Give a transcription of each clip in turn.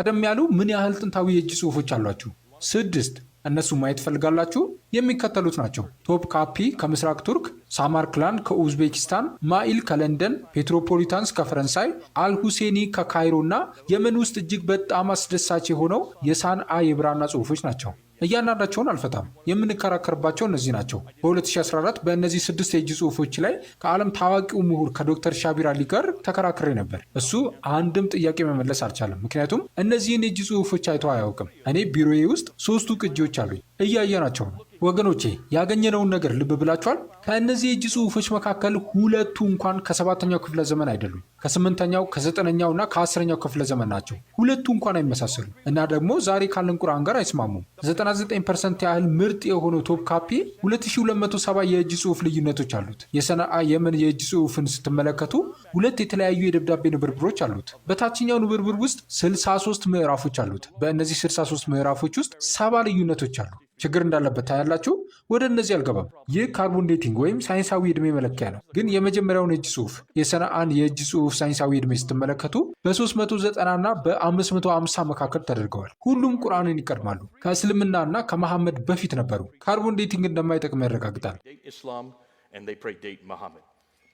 ቀደም ያሉ ምን ያህል ጥንታዊ የእጅ ጽሑፎች አሏችሁ? ስድስት እነሱ ማየት ፈልጋላችሁ? የሚከተሉት ናቸው። ቶፕ ካፒ ከምስራቅ ቱርክ፣ ሳማርክላን ከኡዝቤኪስታን፣ ማኢል ከለንደን፣ ፔትሮፖሊታንስ ከፈረንሳይ፣ አልሁሴኒ ከካይሮ እና የመን ውስጥ እጅግ በጣም አስደሳች የሆነው የሳንአ የብራና ጽሑፎች ናቸው። እያንዳንዳቸውን አልፈታም። የምንከራከርባቸው እነዚህ ናቸው። በ2014 በእነዚህ ስድስት የእጅ ጽሁፎች ላይ ከዓለም ታዋቂው ምሁር ከዶክተር ሻቢር አሊ ጋር ተከራክሬ ነበር። እሱ አንድም ጥያቄ መመለስ አልቻለም። ምክንያቱም እነዚህን የእጅ ጽሁፎች አይተው አያውቅም። እኔ ቢሮዬ ውስጥ ሶስቱ ቅጂዎች አሉኝ። ናቸው ነው። ወገኖቼ ያገኘነውን ነገር ልብ ብላችኋል። ከእነዚህ የእጅ ጽሑፎች መካከል ሁለቱ እንኳን ከሰባተኛው ክፍለ ዘመን አይደሉም። ከስምንተኛው ከዘጠነኛው እና ከአስረኛው ክፍለ ዘመን ናቸው። ሁለቱ እንኳን አይመሳሰሉ እና ደግሞ ዛሬ ካለን ቁርአን ጋር አይስማሙም። 99 ፐርሰንት ያህል ምርጥ የሆነው ቶፕ ካፔ 2270 የእጅ ጽሑፍ ልዩነቶች አሉት። የሰነአ የመን የእጅ ጽሑፍን ስትመለከቱ ሁለት የተለያዩ የደብዳቤ ንብርብሮች አሉት። በታችኛው ንብርብር ውስጥ 63 ምዕራፎች አሉት። በእነዚህ 63 ምዕራፎች ውስጥ ሰባ ልዩነቶች አሉ። ችግር እንዳለበት ታያላችሁ። ወደ እነዚህ አልገባም። ይህ ካርቦን ዴቲንግ ወይም ሳይንሳዊ እድሜ መለኪያ ነው። ግን የመጀመሪያውን የእጅ ጽሑፍ አንድ የእጅ ጽሑፍ ሳይንሳዊ እድሜ ስትመለከቱ በ390 እና በ550 መካከል ተደርገዋል። ሁሉም ቁርአንን ይቀድማሉ። ከእስልምናና ከመሐመድ በፊት ነበሩ። ካርቦን ዴቲንግ እንደማይጠቅም ያረጋግጣል።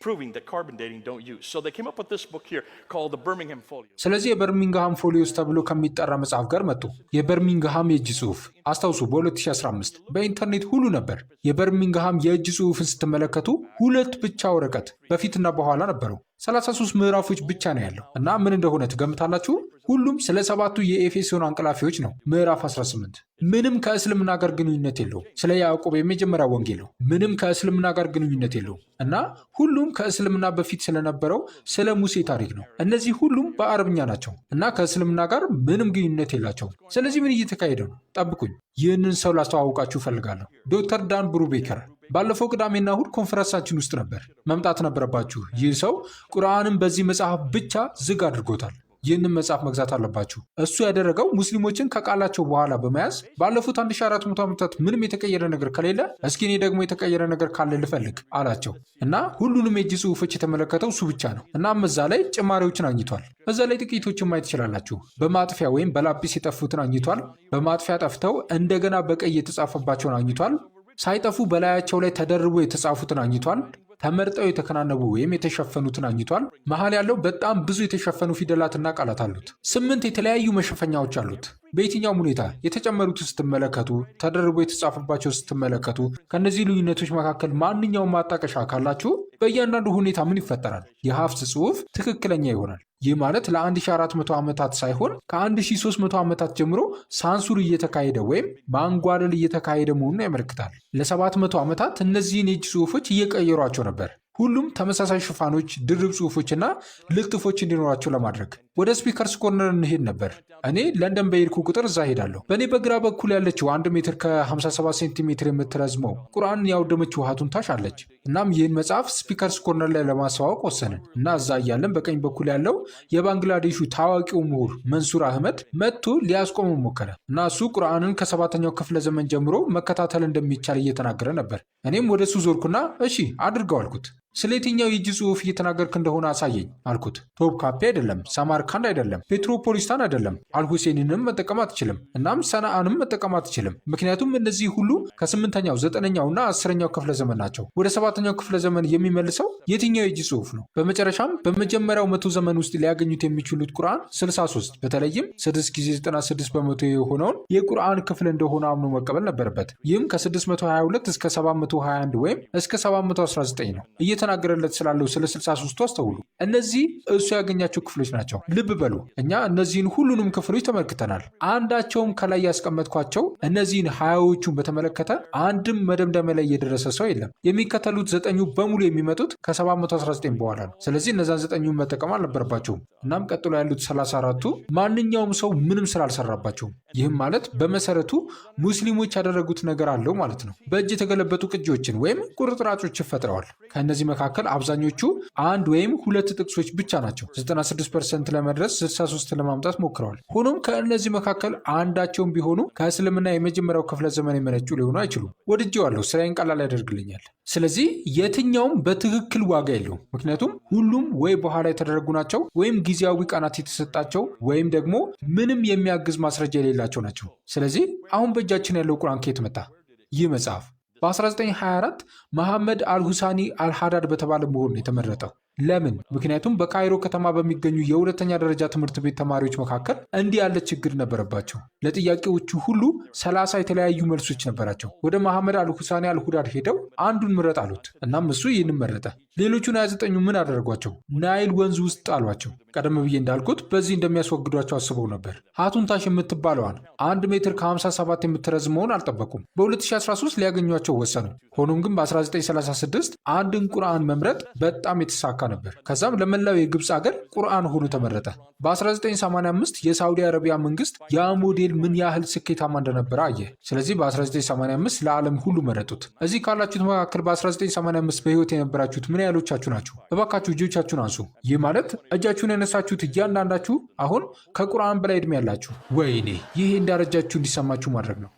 proving that carbon dating don't use. So they came up with this book here called the Birmingham Folios. ስለዚህ የበርሚንግሃም ፎሊዮስ ተብሎ ከሚጠራ መጽሐፍ ጋር መጡ። የበርሚንግሃም የእጅ ጽሑፍ አስታውሱ፣ በ2015 በኢንተርኔት ሁሉ ነበር። የበርሚንግሃም የእጅ ጽሑፍን ስትመለከቱ ሁለት ብቻ ወረቀት በፊትና በኋላ ነበረው። 33 ምዕራፎች ብቻ ነው ያለው እና ምን እንደሆነ ትገምታላችሁ? ሁሉም ስለ ሰባቱ የኤፌሶን አንቀላፊዎች ነው። ምዕራፍ 18 ምንም ከእስልምና ጋር ግንኙነት የለውም። ስለ ያዕቆብ የመጀመሪያ ወንጌል ነው። ምንም ከእስልምና ጋር ግንኙነት የለውም እና ሁሉም ከእስልምና በፊት ስለነበረው ስለ ሙሴ ታሪክ ነው። እነዚህ ሁሉም በአረብኛ ናቸው እና ከእስልምና ጋር ምንም ግንኙነት የላቸውም። ስለዚህ ምን እየተካሄደ ነው? ጠብቁኝ። ይህንን ሰው ላስተዋውቃችሁ እፈልጋለሁ። ዶክተር ዳን ብሩቤከር ባለፈው ቅዳሜና እሁድ ኮንፈረንሳችን ውስጥ ነበር። መምጣት ነበረባችሁ። ይህ ሰው ቁርአንን በዚህ መጽሐፍ ብቻ ዝግ አድርጎታል። ይህንን መጽሐፍ መግዛት አለባችሁ። እሱ ያደረገው ሙስሊሞችን ከቃላቸው በኋላ በመያዝ ባለፉት 1400 ዓመታት ምንም የተቀየረ ነገር ከሌለ እስኪ እኔ ደግሞ የተቀየረ ነገር ካለ ልፈልግ አላቸው እና ሁሉንም የእጅ ጽሑፎች የተመለከተው እሱ ብቻ ነው። እናም እዛ ላይ ጭማሪዎችን አግኝቷል። እዛ ላይ ጥቂቶችን ማየት ትችላላችሁ። በማጥፊያ ወይም በላጲስ የጠፉትን አግኝቷል። በማጥፊያ ጠፍተው እንደገና በቀይ የተጻፈባቸውን አግኝቷል። ሳይጠፉ በላያቸው ላይ ተደርቦ የተጻፉትን አኝቷል። ተመርጠው የተከናነቡ ወይም የተሸፈኑትን አኝቷል። መሀል ያለው በጣም ብዙ የተሸፈኑ ፊደላትና ቃላት አሉት። ስምንት የተለያዩ መሸፈኛዎች አሉት። በየትኛውም ሁኔታ የተጨመሩት ስትመለከቱ፣ ተደርቦ የተጻፈባቸው ስትመለከቱ፣ ከእነዚህ ልዩነቶች መካከል ማንኛውም ማጣቀሻ ካላችሁ በእያንዳንዱ ሁኔታ ምን ይፈጠራል? የሀፍስ ጽሑፍ ትክክለኛ ይሆናል። ይህ ማለት ለ1400 ዓመታት ሳይሆን ከ1300 ዓመታት ጀምሮ ሳንሱር እየተካሄደ ወይም ማንጓለል እየተካሄደ መሆኑን ያመለክታል። ለ700 ዓመታት እነዚህን የእጅ ጽሑፎች እየቀየሯቸው ነበር። ሁሉም ተመሳሳይ ሽፋኖች፣ ድርብ ጽሁፎችና ልጥፎች እንዲኖራቸው ለማድረግ ወደ ስፒከርስ ኮርነር እንሄድ ነበር። እኔ ለንደን በሄድኩ ቁጥር እዛ ሄዳለሁ። በእኔ በግራ በኩል ያለችው አንድ ሜትር ከ57 ሴንቲሜትር የምትረዝመው ቁርአንን ያወደመች ውሃቱን ታሽ አለች። እናም ይህን መጽሐፍ ስፒከርስ ኮርነር ላይ ለማስተዋወቅ ወሰንን እና እዛ እያለን በቀኝ በኩል ያለው የባንግላዴሹ ታዋቂው ምሁር መንሱር አህመድ መጥቶ ሊያስቆመ ሞከረ እና እሱ ቁርአንን ከሰባተኛው ክፍለ ዘመን ጀምሮ መከታተል እንደሚቻል እየተናገረ ነበር። እኔም ወደ እሱ ዞርኩና እሺ አድርገው አልኩት። ስለ የትኛው የእጅ ጽሑፍ እየተናገርክ እንደሆነ አሳየኝ አልኩት። ቶፕካፔ አይደለም፣ ሳማርካንድ አይደለም፣ ፔትሮፖሊስታን አይደለም፣ አልሁሴንንም መጠቀም አትችልም፣ እናም ሰናአንም መጠቀም አትችልም። ምክንያቱም እነዚህ ሁሉ ከስምንተኛው ዘጠነኛውና አስረኛው ክፍለ ዘመን ናቸው። ወደ ሰባተኛው ክፍለ ዘመን የሚመልሰው የትኛው የእጅ ጽሑፍ ነው? በመጨረሻም በመጀመሪያው መቶ ዘመን ውስጥ ሊያገኙት የሚችሉት ቁርአን 63 በተለይም 6 ጊዜ 96 በመቶ የሆነውን የቁርአን ክፍል እንደሆነ አምኖ መቀበል ነበረበት። ይህም ከ622 እስከ 721 ወይም እስከ 719 ነው። እየተናገረለት ስላለው ስለ 63 አስተውሉ። እነዚህ እሱ ያገኛቸው ክፍሎች ናቸው። ልብ በሉ እኛ እነዚህን ሁሉንም ክፍሎች ተመልክተናል። አንዳቸውም ከላይ ያስቀመጥኳቸው እነዚህን ሀያዎቹን በተመለከተ አንድም መደምደመ ላይ የደረሰ ሰው የለም። የሚከተሉት ዘጠኙ በሙሉ የሚመጡት ከ719 በኋላ ነው። ስለዚህ እነዛን ዘጠኙን መጠቀም አልነበረባቸውም። እናም ቀጥሎ ያሉት 34ቱ ማንኛውም ሰው ምንም ስላልሰራባቸውም ይህም ማለት በመሰረቱ ሙስሊሞች ያደረጉት ነገር አለው ማለት ነው። በእጅ የተገለበጡ ቅጂዎችን ወይም ቁርጥራጮች ፈጥረዋል። ከእነዚህ መካከል አብዛኞቹ አንድ ወይም ሁለት ጥቅሶች ብቻ ናቸው። 96 ፐርሰንት ለመድረስ 63 ለማምጣት ሞክረዋል። ሆኖም ከእነዚህ መካከል አንዳቸውም ቢሆኑ ከእስልምና የመጀመሪያው ክፍለ ዘመን የመነጩ ሊሆኑ አይችሉም። ወድጄዋለሁ። ስራዬን ቀላል ያደርግልኛል። ስለዚህ የትኛውም በትክክል ዋጋ የለውም። ምክንያቱም ሁሉም ወይ በኋላ የተደረጉ ናቸው ወይም ጊዜያዊ ቀናት የተሰጣቸው ወይም ደግሞ ምንም የሚያግዝ ማስረጃ የሌላቸው ናቸው። ስለዚህ አሁን በእጃችን ያለው ቁርአን ከየት መጣ? ይህ መጽሐፍ በ1924 መሐመድ አልሁሳኒ አልሃዳድ በተባለ መሆን የተመረጠው። ለምን? ምክንያቱም በካይሮ ከተማ በሚገኙ የሁለተኛ ደረጃ ትምህርት ቤት ተማሪዎች መካከል እንዲህ ያለ ችግር ነበረባቸው። ለጥያቄዎቹ ሁሉ ሰላሳ የተለያዩ መልሶች ነበራቸው። ወደ መሐመድ አልሁሳኔ አልሁዳድ ሄደው አንዱን ምረጥ አሉት። እናም እሱ ይህንን መረጠ። ሌሎቹን ሃያ ዘጠኙ ምን አደረጓቸው? ናይል ወንዝ ውስጥ ጣሏቸው። ቀደም ብዬ እንዳልኩት በዚህ እንደሚያስወግዷቸው አስበው ነበር። ሀቱንታሽ የምትባለዋን አንድ ሜትር ከ57 የምትረዝመውን አልጠበቁም። በ2013 ሊያገኟቸው ወሰኑ። ሆኖም ግን በ1936 አንድን ቁርአን መምረጥ በጣም የተሳካ ነበር። ከዛም ለመላው የግብፅ አገር ቁርአን ሆኖ ተመረጠ። በ1985 የሳውዲ አረቢያ መንግስት ያ ሞዴል ምን ያህል ስኬታማ እንደነበረ አየ። ስለዚህ በ1985 ለዓለም ሁሉ መረጡት። እዚህ ካላችሁት መካከል በ1985 በህይወት የነበራችሁት ምን ያህሎቻችሁ ናችሁ? እባካችሁ እጆቻችሁን አንሱ። ይህ ማለት እጃችሁን ያነሳችሁት እያንዳንዳችሁ አሁን ከቁርአን በላይ እድሜ ያላችሁ። ወይኔ ይህ እንዳረጃችሁ እንዲሰማችሁ ማድረግ ነው።